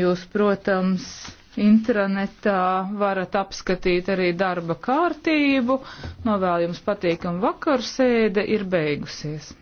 Jūs, protams, intranetā varat apskatīt arī darba kārtību. Novēl jums patīkam vakarsēde ir beigusies.